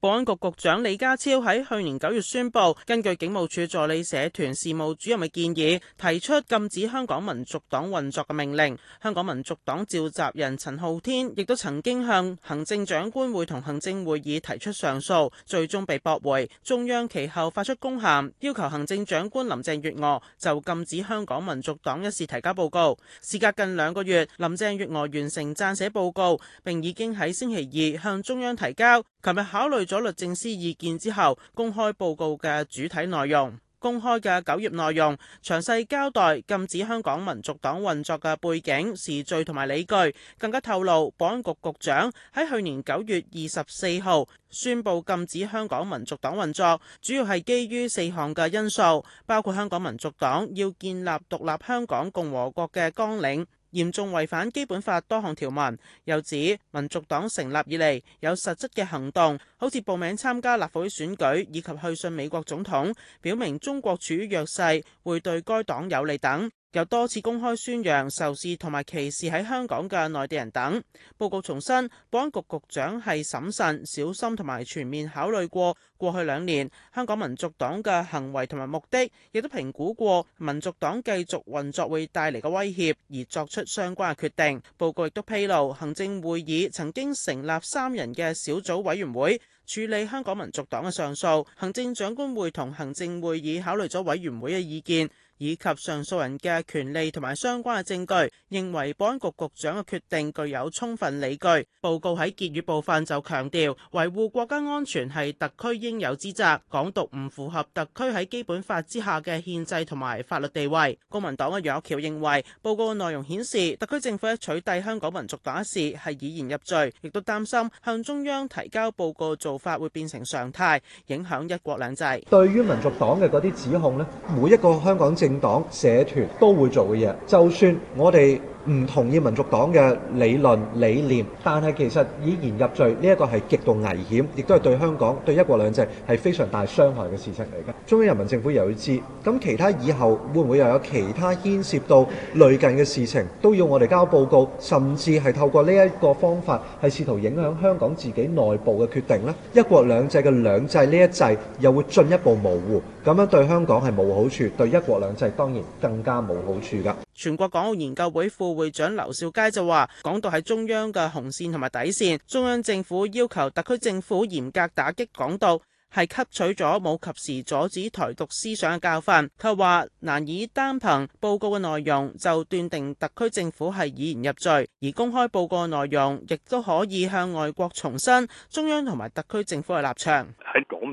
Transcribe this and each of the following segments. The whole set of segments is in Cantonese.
保安局局長李家超喺去年九月宣布，根據警務處助理社團事務主任嘅建議，提出禁止香港民族黨運作嘅命令。香港民族黨召集人陳浩天亦都曾經向行政長官會同行政會議提出上訴，最終被駁回。中央其後發出公函，要求行政長官林鄭月娥就禁止香港民族黨一事提交報告。事隔近兩個月，林鄭月娥完成撰寫報告，並已經喺星期二向中央提交。琴日考慮咗律政司意見之後，公開報告嘅主體內容，公開嘅九頁內容，詳細交代禁止香港民族黨運作嘅背景、時序同埋理據，更加透露保安局局長喺去年九月二十四號宣布禁止香港民族黨運作，主要係基於四項嘅因素，包括香港民族黨要建立獨立香港共和國嘅綱領。嚴重違反基本法多項條文，又指民族黨成立以嚟有實質嘅行動，好似報名參加立法會選舉，以及去信美國總統，表明中國處於弱勢，會對該黨有利等。有多次公開宣揚仇視同埋歧視喺香港嘅內地人等。報告重申，保安局局長係審慎、小心同埋全面考慮過過去兩年香港民族黨嘅行為同埋目的，亦都評估過民族黨繼續運作會帶嚟嘅威脅，而作出相關嘅決定。報告亦都披露，行政會議曾經成立三人嘅小組委員會處理香港民族黨嘅上訴，行政長官會同行政會議考慮咗委員會嘅意見。以及上訴人嘅權利同埋相關嘅證據認為保安局局長嘅決定具有充分理據報告喺結語部分就強調維護國家安全係特區應有之責港獨唔符合特區喺基本法之下嘅憲制同埋法律地位。公民黨嘅楊岳橋認為，報告內容顯示特區政府喺取締香港民族黨一事係以言入罪，亦都擔心向中央提交報告做法會變成常態影響一國兩制。對於民族黨嘅嗰啲指控咧，每一個香港政政黨社團都會做嘅嘢，就算我哋唔同意民族黨嘅理論理念，但係其實以言入罪呢一個係極度危險，亦都係對香港對一國兩制係非常大傷害嘅事情嚟嘅。中央人民政府又要知，咁其他以後會唔會又有其他牽涉到累近嘅事情都要我哋交報告，甚至係透過呢一個方法係試圖影響香港自己內部嘅決定咧？一國兩制嘅兩制呢一制又會進一步模糊，咁樣對香港係冇好處，對一國兩制當然更加冇好處噶。全國港澳研究會副會長劉兆佳就話：港獨係中央嘅紅線同埋底線，中央政府要求特區政府嚴格打擊港獨，係吸取咗冇及時阻止台獨思想嘅教訓。佢話：難以單憑報告嘅內容就斷定特區政府係以言入罪，而公開報告嘅內容亦都可以向外國重申中央同埋特區政府嘅立場。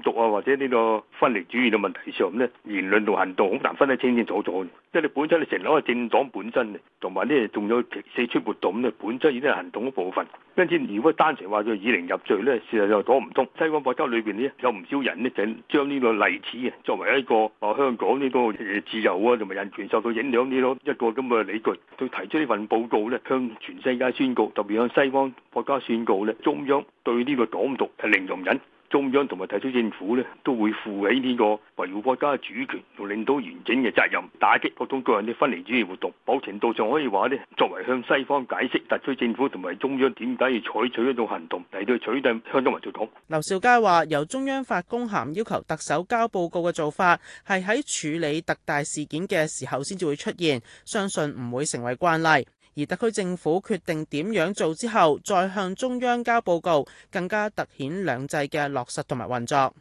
獨啊，或者呢個分裂主義嘅問題上呢，言論同行動好難分得清清楚楚。即係你本身你成立個政黨本身嘅，同埋呢仲有，呢有其四出活動呢，本身已經係行動一部分。因此，如果單純話佢以言入罪呢，事實就講唔通。西方國家裏邊呢，有唔少人呢，就將呢個例子啊，作為一個啊香港呢個自由啊同埋人權受到影響呢個一個咁嘅理據，佢提出呢份報告呢，向全世界宣告，特別向西方國家宣告呢，中央對呢個港獨係零容忍。中央同埋特區政府呢，都會負起呢個維護國家主權同領土完整嘅責任，打擊各種各樣嘅分離主義活動，某程度上可以話呢，作為向西方解釋特區政府同埋中央點解要採取一種行動嚟到，取締香港民族黨。劉兆佳話，由中央發公函要求特首交報告嘅做法，係喺處理特大事件嘅時候先至會出現，相信唔會成為慣例。而特區政府決定點樣做之後，再向中央交報告，更加突顯兩制嘅落實同埋運作。